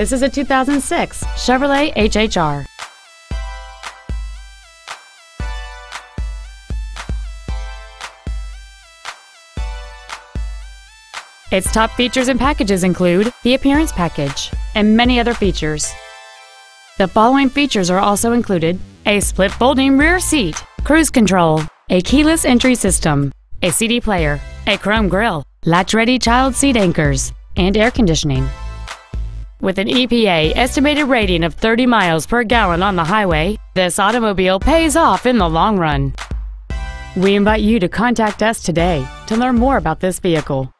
This is a 2006 Chevrolet HHR. Its top features and packages include the appearance package and many other features. The following features are also included a split folding rear seat, cruise control, a keyless entry system, a CD player, a chrome grille, latch ready child seat anchors, and air conditioning. With an EPA estimated rating of 30 miles per gallon on the highway, this automobile pays off in the long run. We invite you to contact us today to learn more about this vehicle.